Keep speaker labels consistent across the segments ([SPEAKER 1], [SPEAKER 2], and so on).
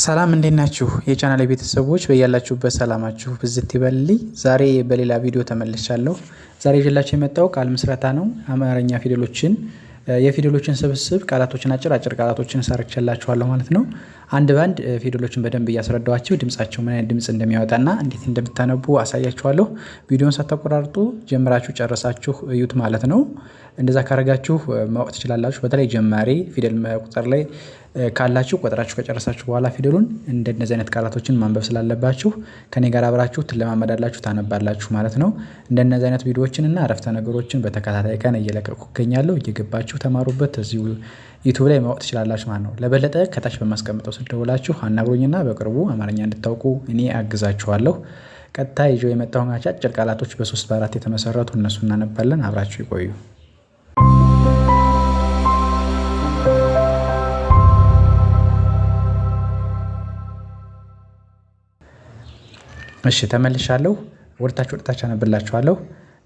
[SPEAKER 1] ሰላም እንዴት ናችሁ? የቻናል ቤተሰቦች በያላችሁበት ሰላማችሁ ብዝት ይበልልኝ። ዛሬ በሌላ ቪዲዮ ተመልሻለሁ። ዛሬ ይዤላችሁ የመጣው ቃል ምስረታ ነው። አማርኛ ፊደሎችን የፊደሎችን ስብስብ ቃላቶችን፣ አጭር አጭር ቃላቶችን ሰርቼላችኋለሁ ማለት ነው። አንድ ባንድ ፊደሎችን በደንብ እያስረዳኋችሁ ድምጻቸው ምን አይነት ድምጽ እንደሚያወጣና እንዴት እንደምታነቡ አሳያችኋለሁ። ቪዲዮን ሳታቆራርጡ ጀምራችሁ ጨረሳችሁ እዩት ማለት ነው። እንደዛ ካረጋችሁ ማወቅ ትችላላችሁ። በተለይ ጀማሪ ፊደል መቁጠር ላይ ካላችሁ ቆጥራችሁ ከጨረሳችሁ በኋላ ፊደሉን እንደነዚህ አይነት ቃላቶችን ማንበብ ስላለባችሁ ከኔ ጋር አብራችሁ ትለማመዳላችሁ፣ ታነባላችሁ ማለት ነው። እንደነዚህ አይነት ቪዲዮዎችን እና አረፍተ ነገሮችን በተከታታይ ቀን እየለቀቁ እገኛለሁ። እየገባችሁ ተማሩበት። እዚሁ ዩቱብ ላይ ማወቅ ትችላላችሁ ማለት ነው። ለበለጠ ከታች በማስቀምጠው ስልክ ደውላችሁ አናግሩኝና በቅርቡ አማርኛ እንድታውቁ እኔ አግዛችኋለሁ። ቀጥታ ይዤው የመጣሁ አጫጭር ቃላቶች በሶስት በአራት የተመሰረቱ እነሱ እናነባለን። አብራችሁ ይቆዩ። እሺ ተመልሻለሁ ወደታች ወደታች አነብላችኋለሁ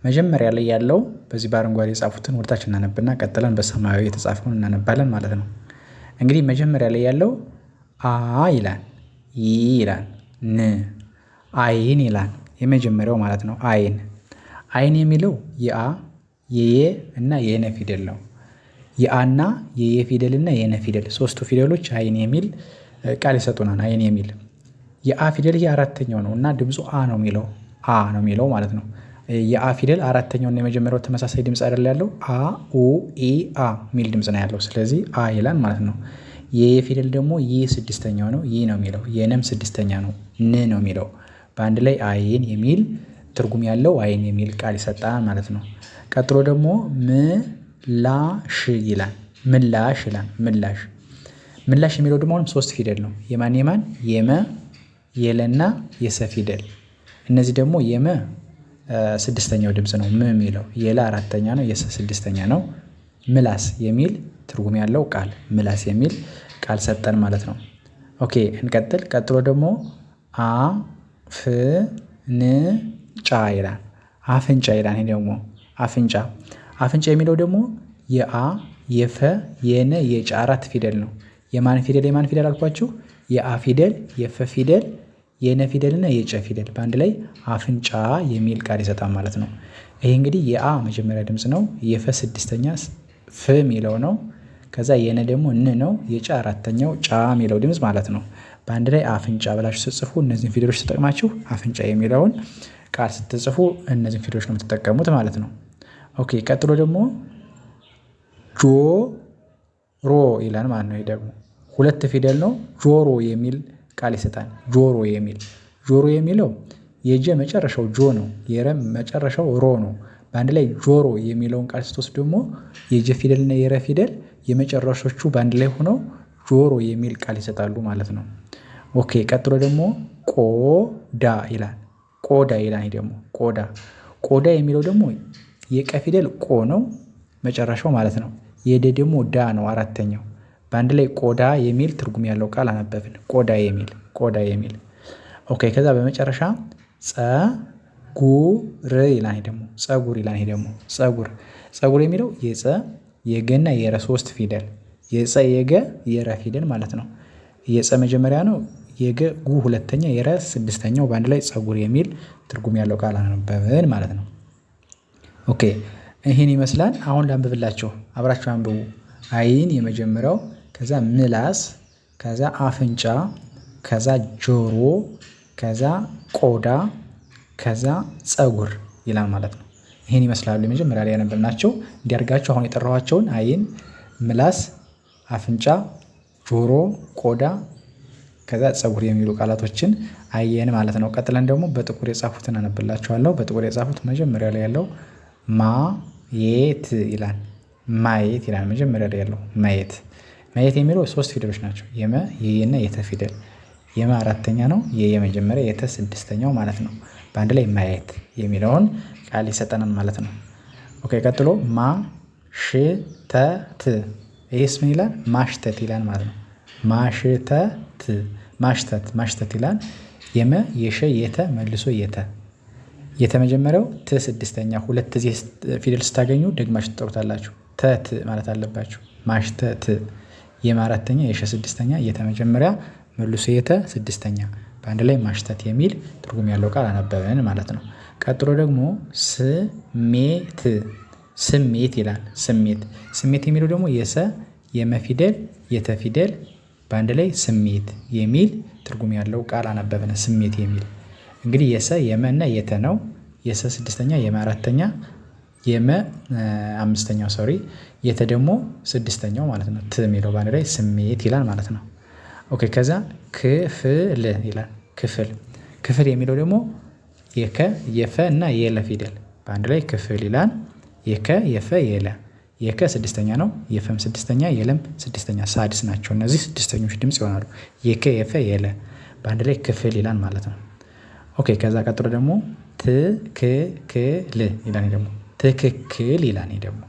[SPEAKER 1] መጀመሪያ ላይ ያለው በዚህ በአረንጓዴ የጻፉትን ወደታች እናነብና ቀጥለን በሰማያዊ የተጻፈውን እናነባለን ማለት ነው። እንግዲህ መጀመሪያ ላይ ያለው አ ይላል ይ ይላል ን አይን ይላል የመጀመሪያው ማለት ነው። አይን አይን የሚለው የአ የየ እና የነ ፊደል ነው። የአና የየ ፊደል እና የነ ፊደል ሶስቱ ፊደሎች አይን የሚል ቃል ይሰጡናል። አይን የሚል የአ ፊደል ይሄ አራተኛው ነው እና ድምፁ አ ነው የሚለው አ ነው የሚለው ማለት ነው። የአ ፊደል አራተኛው እና የመጀመሪያው ተመሳሳይ ድምፅ አይደል ያለው አ ኡ ኤ አ የሚል ድምፅ ነው ያለው ስለዚህ አ ይላል ማለት ነው። የፊደል ደግሞ ይ ስድስተኛው ነው ይ ነው የሚለው የነም ስድስተኛ ነው ን ነው የሚለው በአንድ ላይ አይን የሚል ትርጉም ያለው አይን የሚል ቃል ይሰጣል ማለት ነው። ቀጥሎ ደግሞ ምላሽ ይላል ምላሽ ይላል ምላሽ ምላሽ የሚለው ደግሞ አሁንም ሶስት ፊደል ነው የማን የማን የመ የለና የሰ ፊደል እነዚህ ደግሞ የመ ስድስተኛው ድምፅ ነው ም የሚለው የለ አራተኛ ነው የሰ ስድስተኛ ነው። ምላስ የሚል ትርጉም ያለው ቃል ምላስ የሚል ቃል ሰጠን ማለት ነው። ኦኬ እንቀጥል። ቀጥሎ ደግሞ አ ፍ ን ጫ ይላል አፍንጫ ይላል። ይሄ ደግሞ አፍንጫ አፍንጫ የሚለው ደግሞ የአ የፈ የነ የጫ አራት ፊደል ነው። የማን ፊደል የማን ፊደል አልኳችሁ? የአ ፊደል የፈ ፊደል የነ ፊደል የጨ ፊደል በአንድ ላይ አፍንጫ የሚል ቃል ይሰጣል ማለት ነው። ይሄ እንግዲህ የአ መጀመሪያ ድምጽ ነው የፈ ስድስተኛ ፍ የሚለው ነው። ከዛ የነ ደግሞ ን ነው የጨ አራተኛው ጫ የሚለው ድምጽ ማለት ነው። በአንድ ላይ አፍንጫ ብላችሁ ስትጽፉ እነዚህን ፊደሎች ተጠቅማችሁ አፍንጫ የሚለውን ቃል ስትጽፉ እነዚህን ፊደሎች ነው የምትጠቀሙት ማለት ነው። ኦኬ ቀጥሎ ደግሞ ጆ ሮ ይላል ማለት ነው። ይሄ ደግሞ ሁለት ፊደል ነው ጆሮ የሚል ቃል ይሰጣል ጆሮ የሚል ጆሮ የሚለው የጀ መጨረሻው ጆ ነው የረም መጨረሻው ሮ ነው። በአንድ ላይ ጆሮ የሚለውን ቃል ስትወስድ ደግሞ የጀ ፊደል የረ ፊደል የመጨረሻዎቹ በአንድ ላይ ሆነው ጆሮ የሚል ቃል ይሰጣሉ ማለት ነው። ኦኬ ቀጥሎ ደግሞ ቆዳ ይላል ቆዳ ይላል ደግሞ ቆዳ ቆዳ የሚለው ደግሞ የቀ ፊደል ቆ ነው መጨረሻው ማለት ነው። የደ ደግሞ ዳ ነው አራተኛው በአንድ ላይ ቆዳ የሚል ትርጉም ያለው ቃል አነበብን። ቆዳ የሚል ቆዳ የሚል ኦኬ። ከዛ በመጨረሻ ጸጉር ይላል። ደግሞ ጸጉር ይላል። ደግሞ ጸጉር ጸጉር የሚለው የጸ የገና የረ ሶስት ፊደል የጸ የገ የረ ፊደል ማለት ነው። የጸ መጀመሪያ ነው የገ ጉ ሁለተኛ የረ ስድስተኛው በአንድ ላይ ጸጉር የሚል ትርጉም ያለው ቃል አነበብን ማለት ነው። ኦኬ ይህን ይመስላል። አሁን ላንብብላችሁ፣ አብራችሁ አንብቡ። አይን የመጀመሪያው ከዛ ምላስ፣ ከዛ አፍንጫ፣ ከዛ ጆሮ፣ ከዛ ቆዳ፣ ከዛ ፀጉር ይላል ማለት ነው። ይህን ይመስላሉ የመጀመሪያ ላይ ያነበብናቸው። እንዲያርጋቸው አሁን የጠራኋቸውን አይን፣ ምላስ፣ አፍንጫ፣ ጆሮ፣ ቆዳ ከዛ ፀጉር የሚሉ ቃላቶችን አየን ማለት ነው። ቀጥለን ደግሞ በጥቁር የጻፉትን አነብላችኋለሁ። በጥቁር የጻፉት መጀመሪያ ላይ ያለው ማየት ይላል። ማየት ይላል መጀመሪያ ላይ ያለው ማየት ማየት የሚለው ሶስት ፊደሎች ናቸው። የመ የየና የተ ፊደል የመ አራተኛ ነው። የየመጀመሪያ የተ ስድስተኛው ማለት ነው። በአንድ ላይ ማየት የሚለውን ቃል ይሰጠናል ማለት ነው። ኦኬ ቀጥሎ ማ ት ይህስ ምን ይላል? ማሽተት ይላል ማለት ነው። ማሽተት ማሽተት ማሽተት ይላል። የመ የሸ የተ መልሶ የተ የተመጀመሪያው ት ስድስተኛ ሁለት ዚህ ፊደል ስታገኙ ደግማችሁ ትጠሩታላችሁ። ተት ማለት አለባችሁ። ማሽተት የመ አራተኛ የሸ ስድስተኛ የተመጀመሪያ መልሶ የተ ስድስተኛ በአንድ ላይ ማሽተት የሚል ትርጉም ያለው ቃል አነበብን ማለት ነው። ቀጥሎ ደግሞ ስሜት ስሜት ይላል። ስሜት ስሜት የሚለው ደግሞ የሰ የመፊደል የተፊደል በአንድ ላይ ስሜት የሚል ትርጉም ያለው ቃል አነበብን። ስሜት የሚል እንግዲህ የሰ የመና የተ ነው። የሰ ስድስተኛ የመ አራተኛ የመ አምስተኛው ሶሪ የተ ደግሞ ስድስተኛው ማለት ነው። ት የሚለው ባንድ ላይ ስሜት ይላል ማለት ነው። ኦኬ ከዛ ክፍል ይላል ክፍል ክፍል የሚለው ደግሞ የከ የፈ እና የለ ፊደል በአንድ ላይ ክፍል ይላል። የከ የፈ የለ የከ ስድስተኛ ነው። የፈም ስድስተኛ የለም ስድስተኛ ሳድስ ናቸው። እነዚህ ስድስተኞች ድምፅ ይሆናሉ። የከ የፈ የለ በአንድ ላይ ክፍል ይላል ማለት ነው። ኦኬ ከዛ ቀጥሎ ደግሞ ትክክል ይላል ደግሞ ትክክል ይላል። ይሄ ደግሞ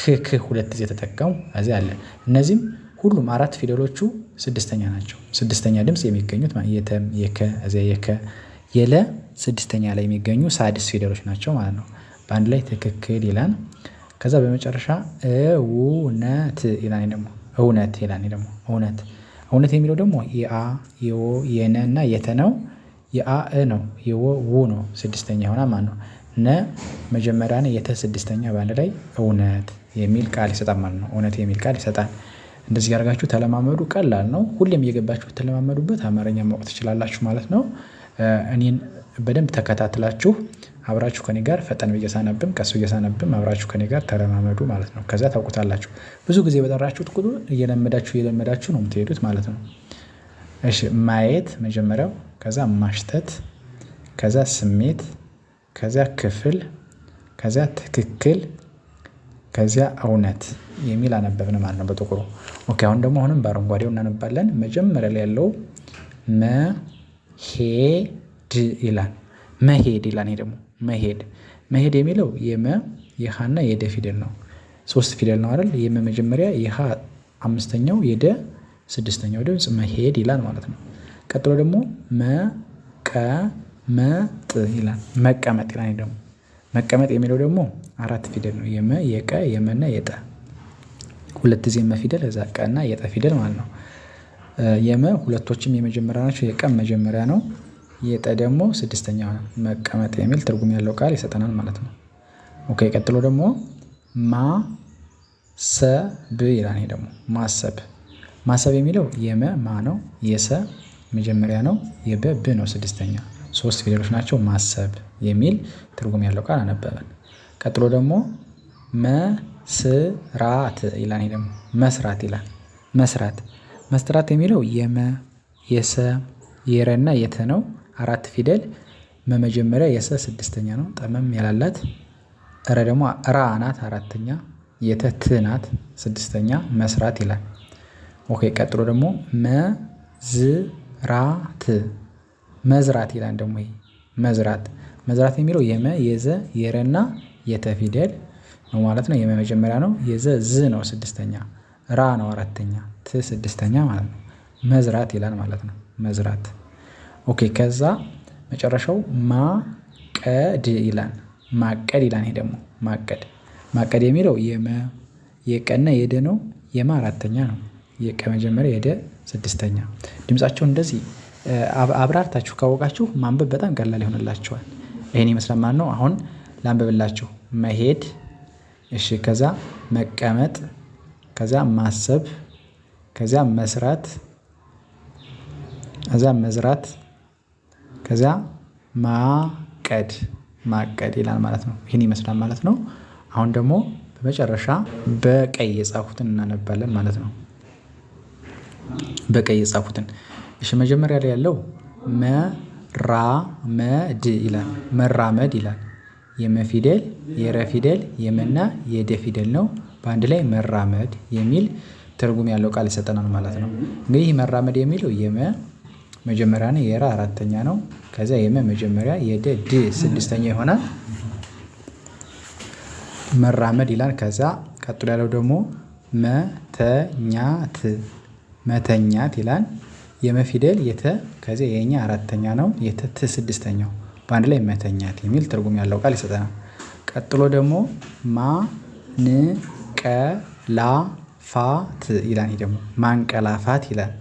[SPEAKER 1] ክክ ሁለት ጊዜ ተጠቀሙ እዚ አለ። እነዚህም ሁሉም አራት ፊደሎቹ ስድስተኛ ናቸው። ስድስተኛ ድምፅ የሚገኙት የተም፣ የከ፣ እዚ የከ፣ የለ ስድስተኛ ላይ የሚገኙ ሳድስ ፊደሎች ናቸው ማለት ነው። በአንድ ላይ ትክክል ይላል። ከዛ በመጨረሻ እውነት ይላል። ደግሞ እውነት ይላል። ደግሞ እውነት እውነት የሚለው ደግሞ የአ የወ የነ እና የተ ነው። የአ እ ነው የወ ው ነው ስድስተኛ ይሆናል ማለት ነው። ነ መጀመሪያ የተ ስድስተኛ ባለ ላይ እውነት የሚል ቃል ይሰጣል ማለት ነው። እውነት የሚል ቃል ይሰጣል። እንደዚህ ያደርጋችሁ ተለማመዱ። ቀላል ነው። ሁሌም እየገባችሁ ብትለማመዱበት አማርኛ ማወቅ ትችላላችሁ ማለት ነው። እኔን በደንብ ተከታትላችሁ አብራችሁ ከኔ ጋር ፈጠን ብዬ ቀስ ብዬ አብራችሁ ከኔ ጋር ተለማመዱ ማለት ነው። ከዛ ታውቁታላችሁ። ብዙ ጊዜ በጠራችሁት ቁጥር እየለመዳችሁ እየለመዳችሁ ነው የምትሄዱት ማለት ነው። እሺ ማየት መጀመሪያው፣ ከዛ ማሽተት፣ ከዛ ስሜት ከዚያ ክፍል ከዚያ ትክክል ከዚያ እውነት የሚል አነበብን ማለት ነው በጥቁሩ። ኦኬ አሁን ደግሞ አሁንም በአረንጓዴው እናነባለን መጀመሪያ ላይ ያለው መሄድ ይላል መሄድ ይላል። ይሄ ደግሞ መሄድ መሄድ የሚለው የመ የሃና የደ ፊደል ነው። ሶስት ፊደል ነው አይደል? የመ መጀመሪያ የሃ አምስተኛው የደ ስድስተኛው ድምፅ መሄድ ይላል ማለት ነው። ቀጥሎ ደግሞ መቀ መጥ ይላል መቀመጥ ይላል ደግሞ መቀመጥ የሚለው ደግሞ አራት ፊደል ነው የመ የቀ የመና የጠ ሁለት ጊዜ መፊደል እዛ ቀና የጠ ፊደል ማለት ነው። የመ ሁለቶችም የመጀመሪያ ናቸው የቀም መጀመሪያ ነው። የጠ ደግሞ ስድስተኛ መቀመጥ የሚል ትርጉም ያለው ቃል ይሰጠናል ማለት ነው። ኦኬ ቀጥሎ ደግሞ ማ ሰብ ይላል ይሄ ደግሞ ማሰብ ማሰብ የሚለው የመ ማ ነው የሰ መጀመሪያ ነው የበ ብ ነው ስድስተኛ ሶስት ፊደሎች ናቸው ማሰብ የሚል ትርጉም ያለው ቃል አነበብን። ቀጥሎ ደግሞ መስራት ይላል ይሄ ደግሞ መስራት ይላል መስራት መስራት የሚለው የመ የሰ የረና የተ ነው አራት ፊደል መመጀመሪያ የሰ ስድስተኛ ነው ጠመም ያላላት ረ ደግሞ ራ ናት አራተኛ የተ ት ናት ስድስተኛ መስራት ይላል። ኦኬ ቀጥሎ ደግሞ መዝራት መዝራት ይላል ደግሞ ይሄ መዝራት መዝራት የሚለው የመ የዘ የረና የተ ፊደል ነው ማለት ነው። የመ መጀመሪያ ነው የዘ ዝ ነው ስድስተኛ ራ ነው አራተኛ ት ስድስተኛ ማለት ነው። መዝራት ይላል ማለት ነው። መዝራት ኦኬ። ከዛ መጨረሻው ማቀድ ይላል ማቀድ ይላል። ይሄ ደግሞ ማቀድ ማቀድ የሚለው የመ የቀና የደ ነው። የማ አራተኛ ነው። የቀ መጀመሪያ የደ ስድስተኛ ድምፃቸው እንደዚህ አብራርታችሁ ካወቃችሁ ማንበብ በጣም ቀላል ይሆንላችኋል። ይህን ይመስላል ማለት ነው። አሁን ላንበብላችሁ። መሄድ እሺ ከዛ መቀመጥ ከዛ ማሰብ ከዛ መስራት ከዛ መዝራት ከዛ ማቀድ ማቀድ ይላል ማለት ነው። ይህን ይመስላል ማለት ነው። አሁን ደግሞ በመጨረሻ በቀይ የጻፉትን እናነባለን ማለት ነው። በቀይ የጻፉትን እሺ መጀመሪያ ላይ ያለው መራመድ ይላል መራመድ ይላል የመ ፊደል የረ ፊደል የመና የደ ፊደል ነው በአንድ ላይ መራመድ የሚል ትርጉም ያለው ቃል ይሰጠናል ማለት ነው። እንግዲህ መራመድ የሚለው የመ መጀመሪያ ነው የራ አራተኛ ነው ከዚያ የመ መጀመሪያ የደ ድ ስድስተኛ ይሆናል። መራመድ ይላል ከዛ ቀጥሎ ያለው ደግሞ መተኛት መተኛት ይላል የመፊደል የተ ከዚያ የኛ አራተኛ ነው። የተ ት ስድስተኛው በአንድ ላይ መተኛት የሚል ትርጉም ያለው ቃል ይሰጠናል። ቀጥሎ ደግሞ ማ ን ቀ ላ ፋ ት ይላል። ይህ ደግሞ ማንቀላፋት ይላል።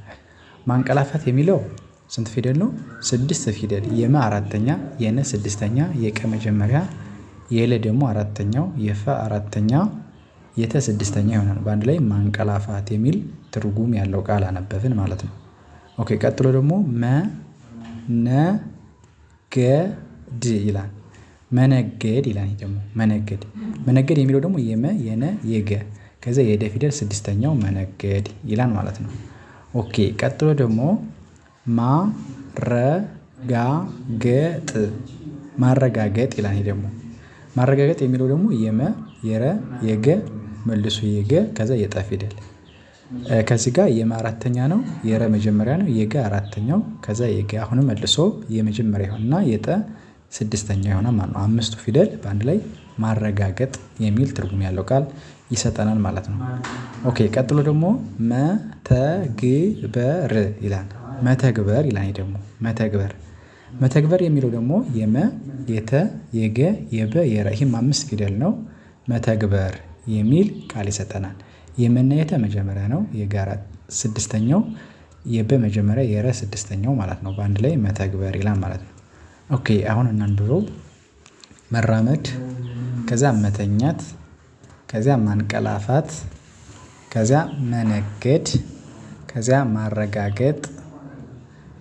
[SPEAKER 1] ማንቀላፋት የሚለው ስንት ፊደል ነው? ስድስት ፊደል የመ አራተኛ፣ የነ ስድስተኛ፣ የቀ መጀመሪያ፣ የለ ደግሞ አራተኛው፣ የፈ አራተኛ፣ የተ ስድስተኛ ይሆናል። በአንድ ላይ ማንቀላፋት የሚል ትርጉም ያለው ቃል አነበብን ማለት ነው። ኦኬ ቀጥሎ ደግሞ መነገድ ይላል መነገድ ይላል ደግሞ መነገድ መነገድ የሚለው ደግሞ የመ የነ የገ ከዚያ የደ ፊደል ስድስተኛው መነገድ ይላል ማለት ነው። ኦኬ ቀጥሎ ደግሞ ማረጋገጥ ማረጋገጥ ይላል ደግሞ ማረጋገጥ የሚለው ደግሞ የመ የረ የገ መልሱ የገ ከዛ የጠ ፊደል ከዚህ ጋር የመ አራተኛ ነው የረ መጀመሪያ ነው የገ አራተኛው ከዛ የገ አሁን መልሶ የመጀመሪያ ይሆንና የጠ ስድስተኛ ይሆናል ማለት ነው። አምስቱ ፊደል በአንድ ላይ ማረጋገጥ የሚል ትርጉም ያለው ቃል ይሰጠናል ማለት ነው። ኦኬ ቀጥሎ ደግሞ መተግበር ይላል መተግበር ይላል ደግሞ መተግበር መተግበር የሚለው ደግሞ የመ የተ የገ የበ የረ ይህም አምስት ፊደል ነው። መተግበር የሚል ቃል ይሰጠናል። የመነየተ መጀመሪያ ነው። የጋራ ስድስተኛው የበ መጀመሪያ የረ ስድስተኛው ማለት ነው። በአንድ ላይ መተግበር ይላል ማለት ነው። ኦኬ አሁን እናንብበው። መራመድ፣ ከዚያ መተኛት፣ ከዚያ ማንቀላፋት፣ ከዚያ መነገድ፣ ከዚያ ማረጋገጥ፣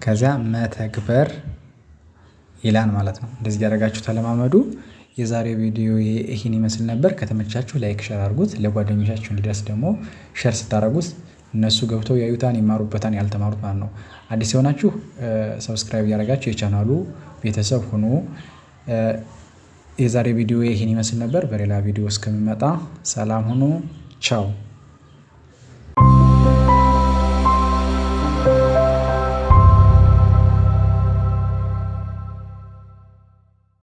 [SPEAKER 1] ከዚያ መተግበር ይላል ማለት ነው። እንደዚህ ያደረጋችሁ ተለማመዱ። የዛሬ ቪዲዮ ይሄን ይመስል ነበር። ከተመቻችሁ ላይክ ሸር አድርጉት። ለጓደኞቻችሁ እንዲደርስ ደግሞ ሸር ስታደርጉት እነሱ ገብተው ያዩታን ይማሩበታን ያልተማሩት ማለት ነው። አዲስ የሆናችሁ ሰብስክራይብ እያደረጋችሁ የቻናሉ ቤተሰብ ሁኑ። የዛሬ ቪዲዮ ይህን ይመስል ነበር። በሌላ ቪዲዮ እስከሚመጣ ሰላም ሁኑ። ቻው